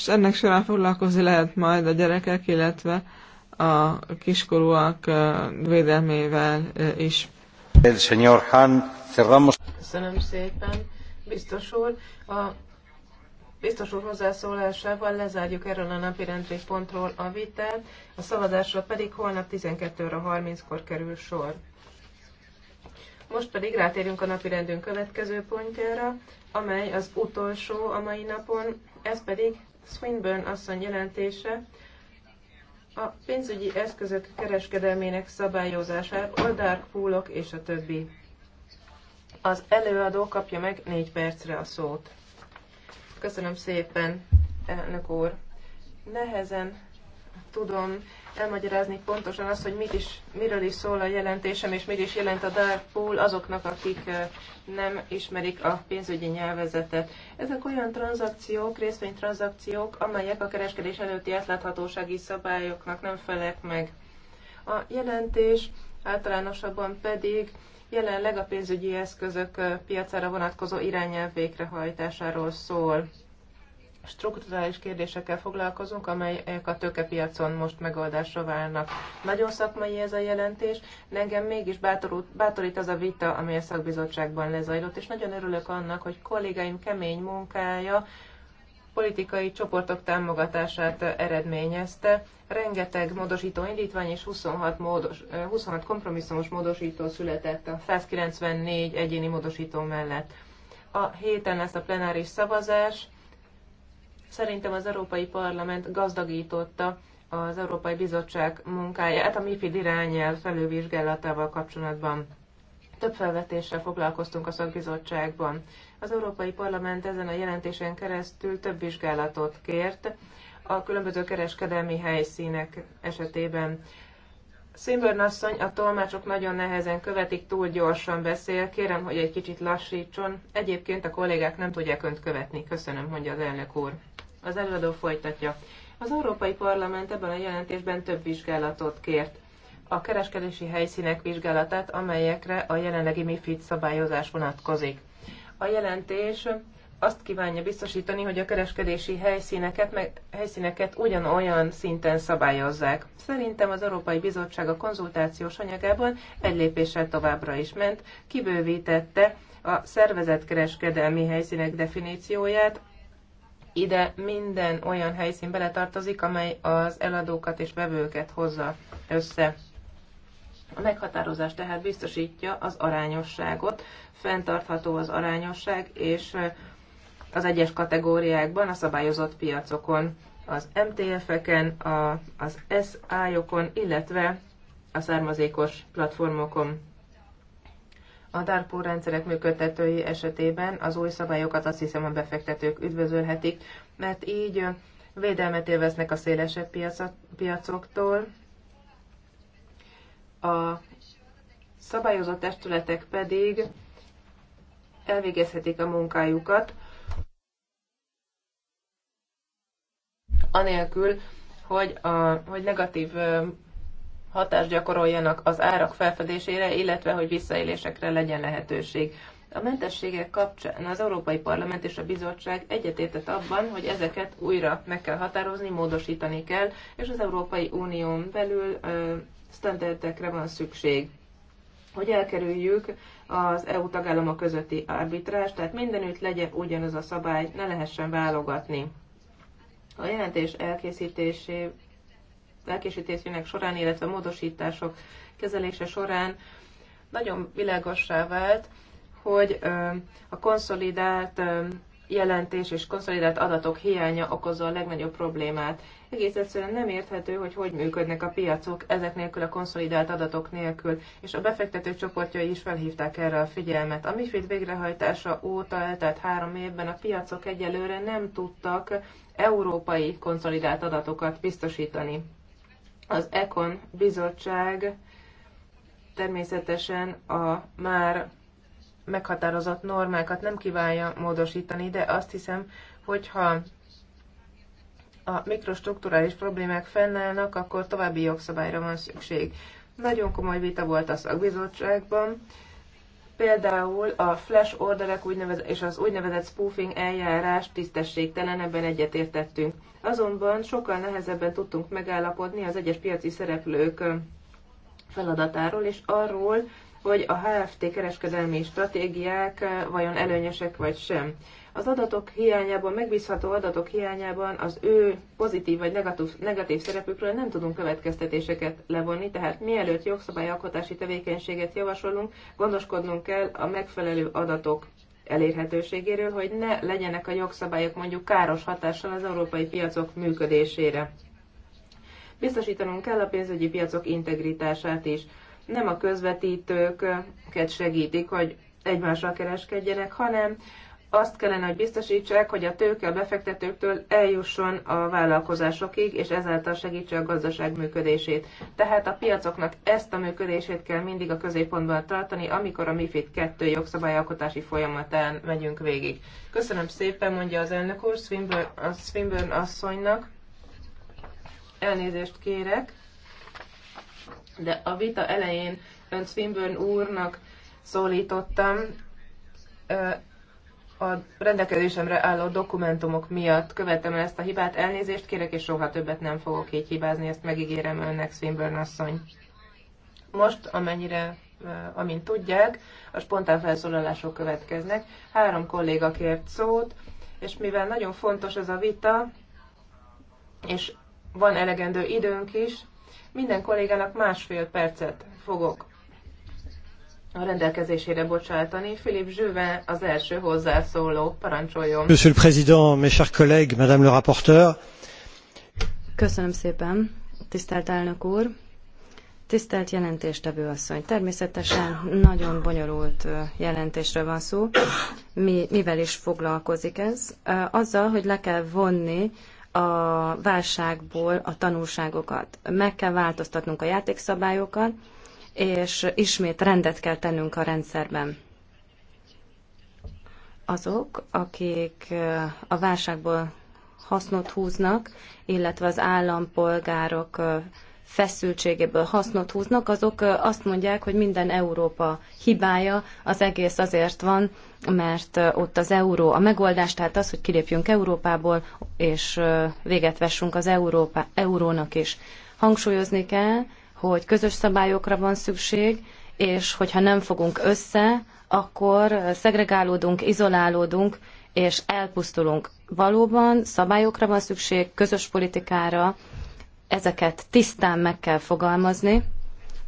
és ennek során foglalkozni lehet majd a gyerekek, illetve a kiskorúak védelmével is. Han, Köszönöm szépen, biztos úr. A biztos úr hozzászólásával lezárjuk erről a napi pontról a vitát, a szavazásra pedig holnap 12-30-kor kerül sor. Most pedig rátérünk a napi rendünk következő pontjára, amely az utolsó a mai napon, ez pedig Swinburne asszony jelentése a pénzügyi eszközök kereskedelmének szabályozását, oldák, púlok és a többi. Az előadó kapja meg négy percre a szót. Köszönöm szépen, elnök úr. Nehezen tudom elmagyarázni pontosan azt, hogy mit is, miről is szól a jelentésem, és mit is jelent a dark pool azoknak, akik nem ismerik a pénzügyi nyelvezetet. Ezek olyan tranzakciók, részvénytranzakciók, amelyek a kereskedés előtti átláthatósági szabályoknak nem felek meg. A jelentés általánosabban pedig jelenleg a pénzügyi eszközök piacára vonatkozó irányelv végrehajtásáról szól strukturális kérdésekkel foglalkozunk, amelyek a tőkepiacon most megoldásra válnak. Nagyon szakmai ez a jelentés, de engem mégis bátorult, bátorít az a vita, amely a szakbizottságban lezajlott, és nagyon örülök annak, hogy kollégáim kemény munkája politikai csoportok támogatását eredményezte. Rengeteg módosító indítvány és 26, módos, 26 kompromisszumos módosító született a 194 egyéni módosító mellett. A héten lesz a plenáris szavazás, Szerintem az Európai Parlament gazdagította az Európai Bizottság munkáját a MIFID irányel felülvizsgálatával kapcsolatban. Több felvetéssel foglalkoztunk a szakbizottságban. Az Európai Parlament ezen a jelentésen keresztül több vizsgálatot kért a különböző kereskedelmi helyszínek esetében. Szimbörn asszony, a tolmácsok nagyon nehezen követik, túl gyorsan beszél, kérem, hogy egy kicsit lassítson. Egyébként a kollégák nem tudják önt követni. Köszönöm, mondja az elnök úr. Az előadó folytatja. Az Európai Parlament ebben a jelentésben több vizsgálatot kért. A kereskedési helyszínek vizsgálatát, amelyekre a jelenlegi MIFID szabályozás vonatkozik. A jelentés azt kívánja biztosítani, hogy a kereskedési helyszíneket, meg, helyszíneket ugyanolyan szinten szabályozzák. Szerintem az Európai Bizottság a konzultációs anyagában egy lépéssel továbbra is ment, kibővítette a szervezetkereskedelmi helyszínek definícióját ide minden olyan helyszín beletartozik, amely az eladókat és vevőket hozza össze. A meghatározás tehát biztosítja az arányosságot, fenntartható az arányosság, és az egyes kategóriákban, a szabályozott piacokon, az MTF-eken, az SI-okon, illetve a származékos platformokon. A DARPO rendszerek működtetői esetében az új szabályokat azt hiszem a befektetők üdvözölhetik, mert így védelmet élveznek a szélesebb piacoktól. A szabályozott testületek pedig elvégezhetik a munkájukat, anélkül, hogy, a, hogy negatív hatást gyakoroljanak az árak felfedésére, illetve hogy visszaélésekre legyen lehetőség. A mentességek kapcsán az Európai Parlament és a Bizottság egyetértett abban, hogy ezeket újra meg kell határozni, módosítani kell, és az Európai Unión belül ö, standardekre van szükség hogy elkerüljük az EU tagállamok közötti arbitrást, tehát mindenütt legyen ugyanaz a szabály, ne lehessen válogatni. A jelentés elkészítésé elkészítésének során, illetve módosítások kezelése során nagyon világossá vált, hogy a konszolidált jelentés és konszolidált adatok hiánya okozza a legnagyobb problémát. Egész egyszerűen nem érthető, hogy hogy működnek a piacok ezek nélkül, a konszolidált adatok nélkül, és a befektető csoportjai is felhívták erre a figyelmet. A MIFID végrehajtása óta eltelt három évben a piacok egyelőre nem tudtak európai konszolidált adatokat biztosítani. Az ECON bizottság természetesen a már meghatározott normákat nem kívánja módosítani, de azt hiszem, hogyha a mikrostruktúrális problémák fennállnak, akkor további jogszabályra van szükség. Nagyon komoly vita volt a szakbizottságban, Például a flash orderek úgynevezett, és az úgynevezett spoofing eljárás tisztességtelen, ebben egyetértettünk. Azonban sokkal nehezebben tudtunk megállapodni az egyes piaci szereplők feladatáról, és arról, hogy a HFT kereskedelmi stratégiák eh, vajon előnyösek vagy sem. Az adatok hiányában, megbízható adatok hiányában az ő pozitív vagy negatív, negatív szerepükről nem tudunk következtetéseket levonni, tehát mielőtt jogszabályalkotási tevékenységet javasolunk, gondoskodnunk kell a megfelelő adatok elérhetőségéről, hogy ne legyenek a jogszabályok mondjuk káros hatással az európai piacok működésére. Biztosítanunk kell a pénzügyi piacok integritását is nem a közvetítőket segítik, hogy egymással kereskedjenek, hanem azt kellene, hogy biztosítsák, hogy a tőke a befektetőktől eljusson a vállalkozásokig, és ezáltal segítse a gazdaság működését. Tehát a piacoknak ezt a működését kell mindig a középpontban tartani, amikor a MIFID 2 jogszabályalkotási folyamatán megyünk végig. Köszönöm szépen, mondja az elnök úr Swinburne, a Swinburne asszonynak. Elnézést kérek. De a vita elején ön Swinburne úrnak szólítottam a rendelkezésemre álló dokumentumok miatt követem ezt a hibát, elnézést kérek, és soha többet nem fogok így hibázni, ezt megígérem önnek, Swinburne asszony. Most, amennyire, amint tudják, a spontán felszólalások következnek. Három kolléga kért szót, és mivel nagyon fontos ez a vita, és van elegendő időnk is, minden kollégának másfél percet fogok a rendelkezésére bocsátani. Philip Zsüve az első hozzászóló. Parancsoljon. Monsieur le Président, mes chers collègues, Madame le rapporteur. Köszönöm szépen, tisztelt elnök úr. Tisztelt jelentéstevő asszony, természetesen nagyon bonyolult jelentésről van szó. Mi, mivel is foglalkozik ez? Azzal, hogy le kell vonni a válságból a tanulságokat. Meg kell változtatnunk a játékszabályokat, és ismét rendet kell tennünk a rendszerben. Azok, akik a válságból hasznot húznak, illetve az állampolgárok feszültségéből hasznot húznak, azok azt mondják, hogy minden Európa hibája, az egész azért van, mert ott az euró a megoldás, tehát az, hogy kilépjünk Európából, és véget vessünk az Európa, eurónak is. Hangsúlyozni kell, hogy közös szabályokra van szükség, és hogyha nem fogunk össze, akkor szegregálódunk, izolálódunk, és elpusztulunk. Valóban szabályokra van szükség, közös politikára, ezeket tisztán meg kell fogalmazni,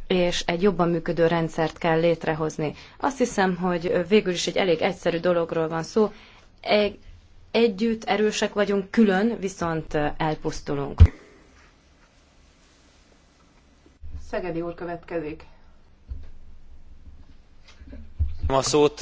és egy jobban működő rendszert kell létrehozni. Azt hiszem, hogy végül is egy elég egyszerű dologról van szó. Egy, együtt erősek vagyunk, külön viszont elpusztulunk. Szegedi úr következik. A szót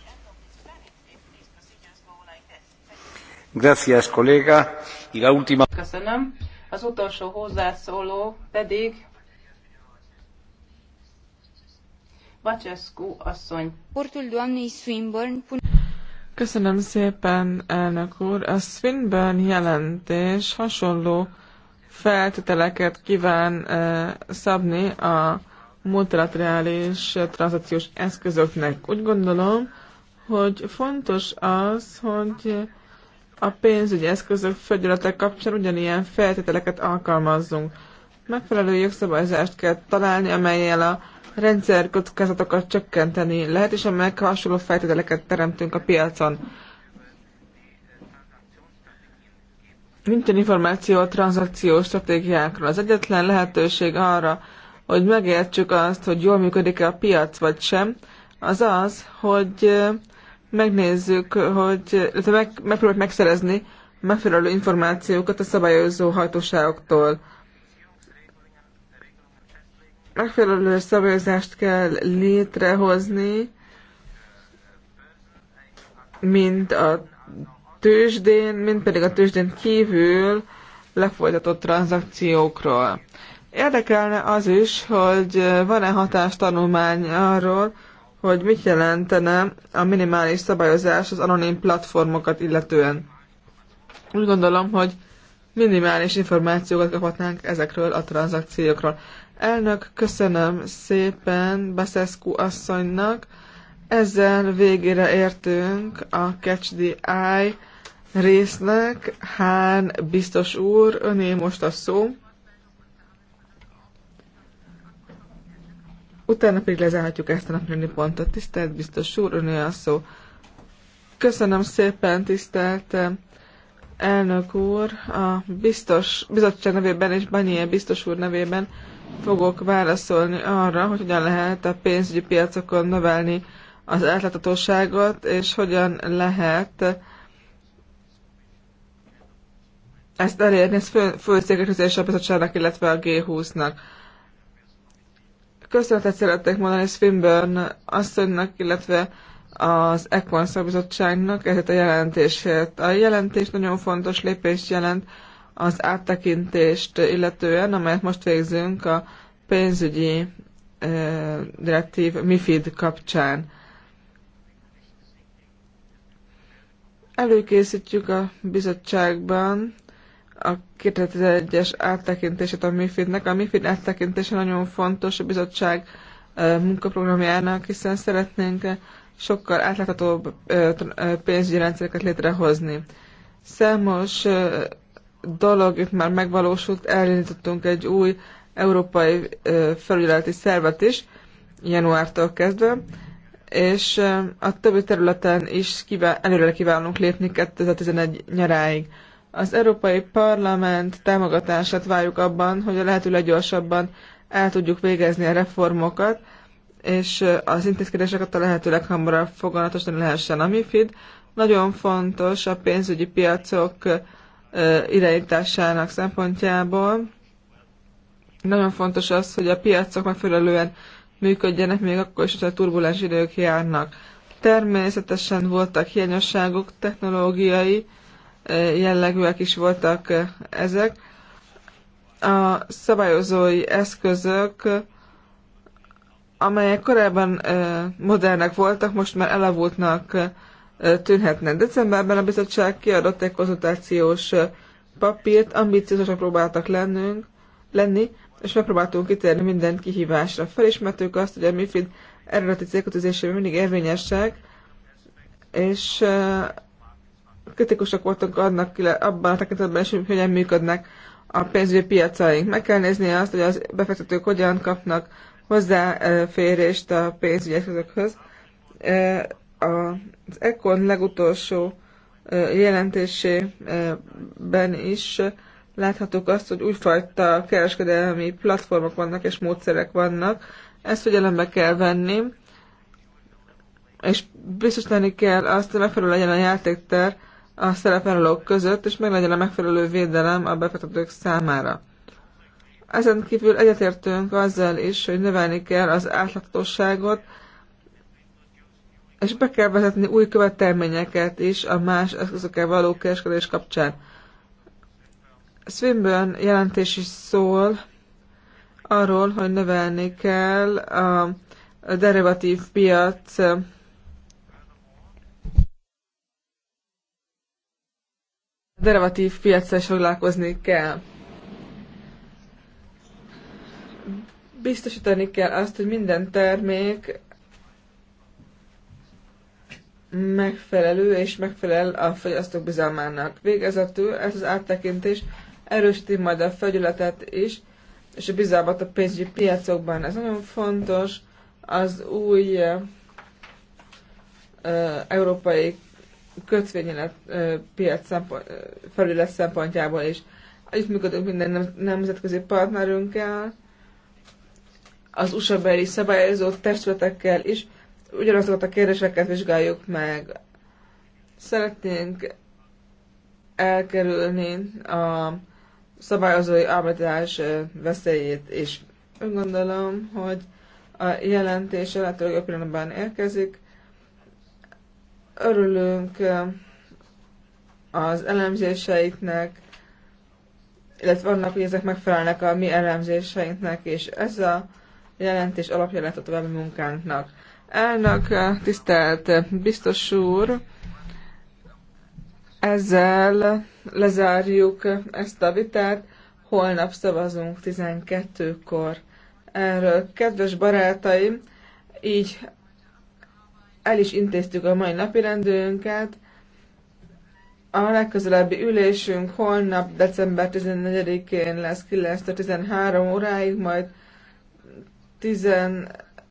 Gracias, kolléga. Y la última... Köszönöm. Az utolsó hozzászóló pedig Bacescu asszony. Köszönöm szépen, elnök úr. A Swinburne jelentés hasonló feltételeket kíván eh, szabni a multilaterális tranzakciós eszközöknek. Úgy gondolom, hogy fontos az, hogy a pénzügyi eszközök felügyeletek kapcsán ugyanilyen feltételeket alkalmazzunk. Megfelelő jogszabályzást kell találni, amelyel a rendszer kockázatokat csökkenteni lehet, és amelyek hasonló feltételeket teremtünk a piacon. Nincsen információ a tranzakciós stratégiákról. Az egyetlen lehetőség arra, hogy megértsük azt, hogy jól működik-e a piac vagy sem, az az, hogy megnézzük, hogy meg, megpróbáljuk megszerezni megfelelő információkat a szabályozó hatóságoktól. Megfelelő szabályozást kell létrehozni, mind a tőzsdén, mind pedig a tőzsdén kívül lefolytatott tranzakciókról. Érdekelne az is, hogy van-e hatástanulmány arról, hogy mit jelentene a minimális szabályozás az anonim platformokat illetően. Úgy gondolom, hogy minimális információkat kaphatnánk ezekről a tranzakciókról. Elnök, köszönöm szépen Baszeszku asszonynak. Ezzel végére értünk a Catch the Eye résznek. Hán biztos úr, öné most a szó. utána pedig lezárhatjuk ezt a napirendi pontot. Tisztelt biztos úr, ön olyan szó. Köszönöm szépen, tisztelt eh, elnök úr, a biztos, bizottság nevében és Banyé biztos úr nevében fogok válaszolni arra, hogy hogyan lehet a pénzügyi piacokon növelni az átláthatóságot, és hogyan lehet eh, ezt elérni, ez fő, fő a bizottságnak, illetve a G20-nak. Köszönetet szeretnék mondani Swinburne asszonynak, illetve az Ekon Szabizottságnak ezért a jelentésért. A jelentés nagyon fontos lépést jelent az áttekintést illetően, amelyet most végzünk a pénzügyi eh, direktív MIFID kapcsán. Előkészítjük a bizottságban a 2001-es áttekintését a MIFID-nek. A MIFID áttekintése nagyon fontos a bizottság munkaprogramjának, hiszen szeretnénk sokkal átláthatóbb pénzügyi rendszereket létrehozni. Számos dolog itt már megvalósult, elindítottunk egy új európai felügyeleti szervet is, januártól kezdve, és a többi területen is kíván, előre kívánunk lépni 2011 nyaráig. Az Európai Parlament támogatását várjuk abban, hogy a lehető leggyorsabban el tudjuk végezni a reformokat, és az intézkedéseket a lehető leghamarabb foganatosan lehessen. A MIFID nagyon fontos a pénzügyi piacok irányításának szempontjából. Nagyon fontos az, hogy a piacok megfelelően működjenek, még akkor is, hogyha turbulens idők járnak. Természetesen voltak hiányosságok, technológiai jellegűek is voltak ezek. A szabályozói eszközök, amelyek korábban modernek voltak, most már elavultnak tűnhetnek. Decemberben a bizottság kiadott egy konzultációs papírt, ambiciózusak próbáltak lennünk, lenni, és megpróbáltunk kitérni minden kihívásra. Felismertük azt, hogy a MIFID eredeti célkötözésében mindig érvényesek, és kritikusak voltunk annak, abban a tekintetben is, hogy hogyan működnek a pénzügyi piacaink. Meg kell nézni azt, hogy az befektetők hogyan kapnak hozzáférést a pénzügyi eszközökhöz. E, az Econ legutolsó e, jelentésében is láthatók azt, hogy újfajta kereskedelmi platformok vannak és módszerek vannak. Ezt figyelembe kell venni, és biztosítani kell azt, hogy megfelelő legyen a játékter a szerepvállalók között, és meg legyen a megfelelő védelem a befektetők számára. Ezen kívül egyetértünk azzal is, hogy növelni kell az átláthatóságot, és be kell vezetni új követelményeket is a más eszközökkel való kereskedés kapcsán. Swinburne jelentés is szól arról, hogy növelni kell a derivatív piac derivatív piacra is foglalkozni kell. Biztosítani kell azt, hogy minden termék megfelelő és megfelel a fogyasztók bizalmának. Végezetül ez az áttekintés erősíti majd a felügyeletet is, és a bizalmat a pénzügyi piacokban. Ez nagyon fontos az új uh, európai kötvényelet piac szempont, felület szempontjából is. Itt működünk minden nemzetközi partnerünkkel, az USA beli szabályozó testületekkel is, ugyanazokat a kérdéseket vizsgáljuk meg. Szeretnénk elkerülni a szabályozói arbitrás veszélyét, és úgy gondolom, hogy a jelentés a lehető pillanatban érkezik, Örülünk az elemzéseiknek, illetve annak, hogy ezek megfelelnek a mi elemzéseinknek, és ez a jelentés alapja lett a további munkánknak. Elnök, tisztelt biztos úr, ezzel lezárjuk ezt a vitát, holnap szavazunk 12-kor. Erről, kedves barátaim, így el is intéztük a mai napi rendőrünket. A legközelebbi ülésünk holnap, december 14-én lesz 9-13 óráig, majd 10